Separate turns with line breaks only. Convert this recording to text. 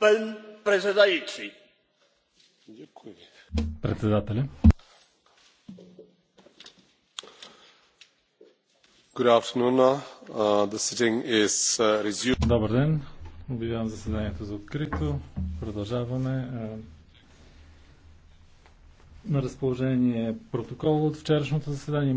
Пен uh,
uh,
Добър ден.
Обявявам заседанието за открито. Продължаваме. Uh, на разположение протокол
от вчерашното заседание.